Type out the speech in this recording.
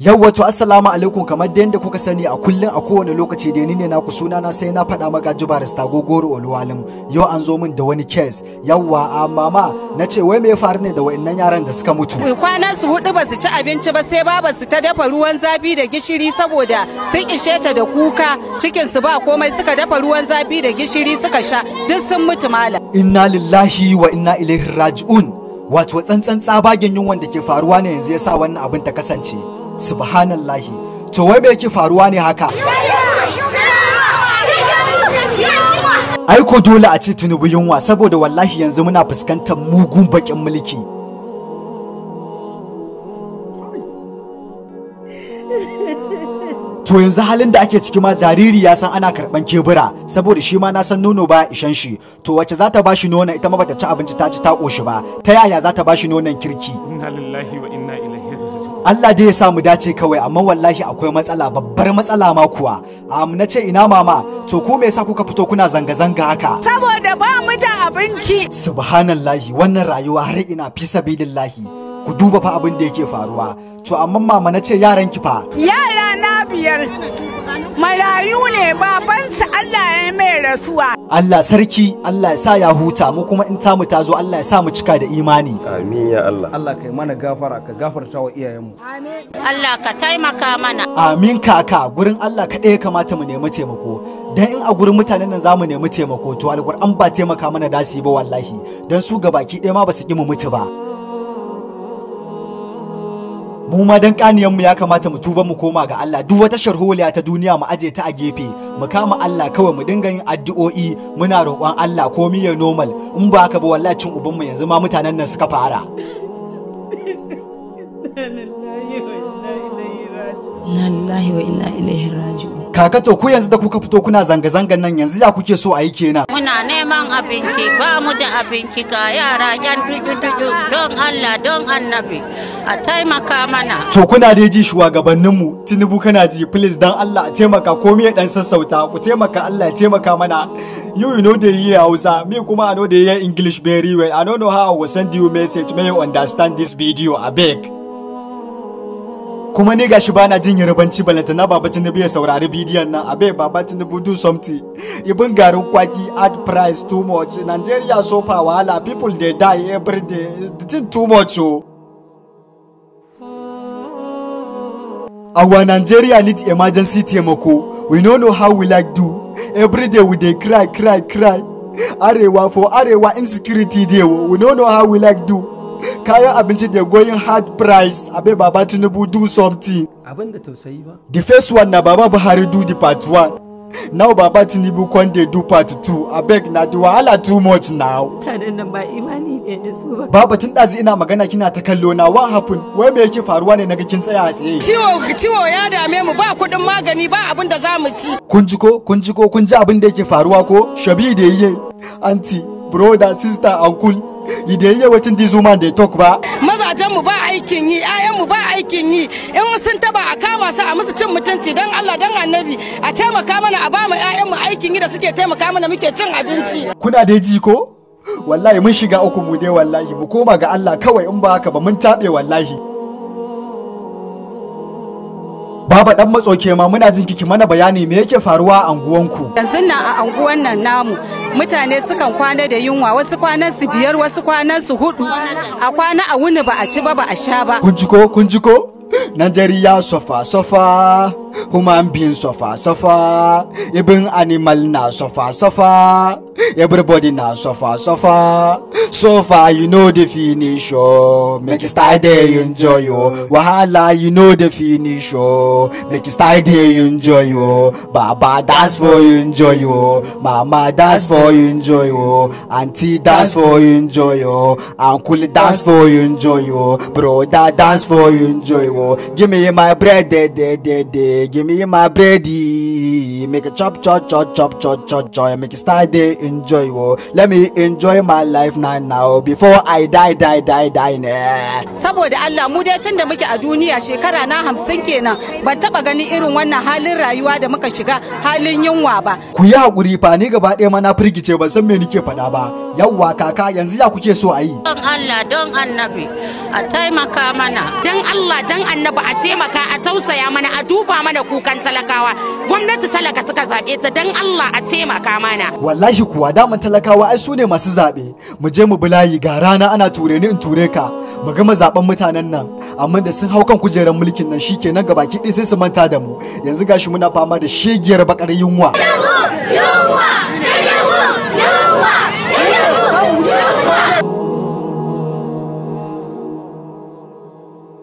Yawwato assalamu alaikum kamar da yanda kuka sani a kullum a kowane lokaci da ni ne naku suna na sai na faɗa maka ta gogoro olwalim yau an zo min da wani case yawwa a mama na ce wai me ya faru ne da wa'annan yaran da suka mutu kwanan su hudu ba su ci abinci ba sai babar su ta dafa ruwan zafi da gishiri saboda sun ishe ta da kuka cikin su ba komai suka dafa ruwan zafi da gishiri suka sha duk sun mutu malam inna lillahi wa inna ilaihi raji'un wato tsantsan tsabagen yunwan da ke faruwa ne yanzu ya sa wannan abin ta kasance subhanallahi to wai me yake faruwa ne haka ai ko dole a ce tunubu yunwa saboda wallahi yanzu muna fuskantar mugun bakin mulki to yanzu halin da ake ciki ma jariri ya san ana karban kebura saboda shi ma na san nono ba ishan shi to wacce za ta bashi nonon ita ma bata ci abinci ta ci ta koshi ba ta yaya za ta bashi nonon kirki inna lillahi wa inna Allah dai ya sa mu dace kawai amma wallahi akwai matsala babbar matsala ma kuwa am na ce ina mama to ku me yasa kuka fito kuna zanga zanga haka saboda ba mu da abinci subhanallahi wannan rayuwa har ina fi sabilillahi ku duba fa abin da yake faruwa to amma mama na ce yaran ki fa kwana biyar marayu ne babansa Allah ya mai rasuwa. Allah sarki Allah ya sa ya huta mu kuma in tamu ta zo Allah ya sa mu cika da imani. Amin ya Allah. Allah kai mana gafara ka gafarta wa iyayenmu. Amin. Allah ka taimaka mana. Amin kaka gurin Allah kaɗai ya kamata mu nemi taimako. Dan in a gurin mutanen nan za mu nemi taimako to alƙur'an ba taimaka mana dasi ba wallahi dan su gabaki ɗaya ma ba su ƙi mu mutu ba. mu ma dan kaniyan mu ya kamata mu tuba mu koma ga Allah duk wata sharholiya ta duniya mu aje ta a gefe mu kama Allah kawai mu dinga yin addu'o'i muna roƙon Allah komi ya normal in ba haka ba wallahi cin yanzu ma mutanen nan suka fara Inna lillahi wa inna ilaihi raji'un kaka to ku yanzu da kuka fito kuna zanga-zangan nan yanzu ya kuke so a yi kenan muna neman abinci ba mu da abinci ga yara yan tuju-tuju don Allah don annabi a taimaka mana to kuna dai ji mu tinubu kana ji please dan Allah a taimaka komai ya dan sassauta ku taimaka Allah ya taimaka mana you you know the year Hausa me kuma I know the year English very well I don't know how I will send you message may you understand this video abeg kuma ni gashi bana jin yarbanci balanta na baba tinubu ya saurari bidiyon nan abe baba tinubu do something ibin garin kwaki add price too much nigeria so far wahala people dey die every day the thing too much o oh. our nigeria need emergency taimako we no know how we like do every day we dey cry cry cry arewa for arewa insecurity dey oh. we no know how we like do kayan abinci da going hard price abe baba tinubu do something abin da tausayi ba the first one na baba buhari do the part one now baba tinubu kon dey do part two abeg na the wahala too much now mutanen nan ba imani ne da su ba baba tun ɗazu ina magana kina ta kallo na what happen wai me yake faruwa ne naga kin tsaya a tsaye ciwo ciwo ya dame mu ba kuɗin magani ba abin da za mu ci kun ji ko kun ji ko kun ji abin da yake faruwa ko shabi da yiye auntie brother sister uncle you dey hear wetin man woman dey talk ba mazajen mu ba aikin yi ayan mu ba aikin yi in sun taba a kama su a musu cin mutunci dan Allah dan Annabi a taimaka mana a ba mu ƴaƴan mu aikin yi da suke taimaka mana muke cin abinci kuna dai ji ko wallahi mun shiga uku mu dai wallahi mu koma ga Allah kawai in ba haka ba mun tabe wallahi Baba dan matsoke ma muna jin kiki mana bayani me yake faruwa a anguwanku. Yanzu na a anguwan nan namu mutane sukan kwana da yunwa wasu kwanan su biyar wasu kwanan su hudu a kwana a wuni ba a ci ba ba a sha ba. Kun jiko kun jiko Najeriya sofa sofa human being sofa sofa ibin animal na sofa sofa everybody now suffer suffer so far you know the finish oh make it style there you enjoy oh wahala you know the finish oh make it style there you enjoy oh baba that's for you enjoy oh mama that's for you enjoy oh auntie that's for you enjoy oh uncle that's for you enjoy oh brother that's for you enjoy oh give me my bread de de de de give me my bready make it chop chop chop chop chop chop chop make it style there enjoy oh let me enjoy my life now now before i die die die die ne saboda Allah mu dai tunda muke a duniya shekara na hamsin kenan ban taba ganin irin wannan halin rayuwa da muka shiga halin yunwa ba ku yi hakuri fa ni gaba ɗaya ma na firgice ban san me nike faɗa ba yawwa kaka yanzu ya kuke so a yi don Allah don annabi a taimaka mana dan annabi a taimaka a tausaya mana a duba mana kukan talakawa gwamnati talaka suka zaɓe ta dan Allah a taimaka mana wallahi kuwa daman talakawa ai sune masu zaɓe mu je mu bulayi ga rana ana ture ni in ture ka mu gama zaben mutanen nan amma da sun hau kan kujerar mulkin nan shikenan gaba kiɗi sai su manta da mu yanzu gashi muna fama da shegiyar bakar yunwa yunwa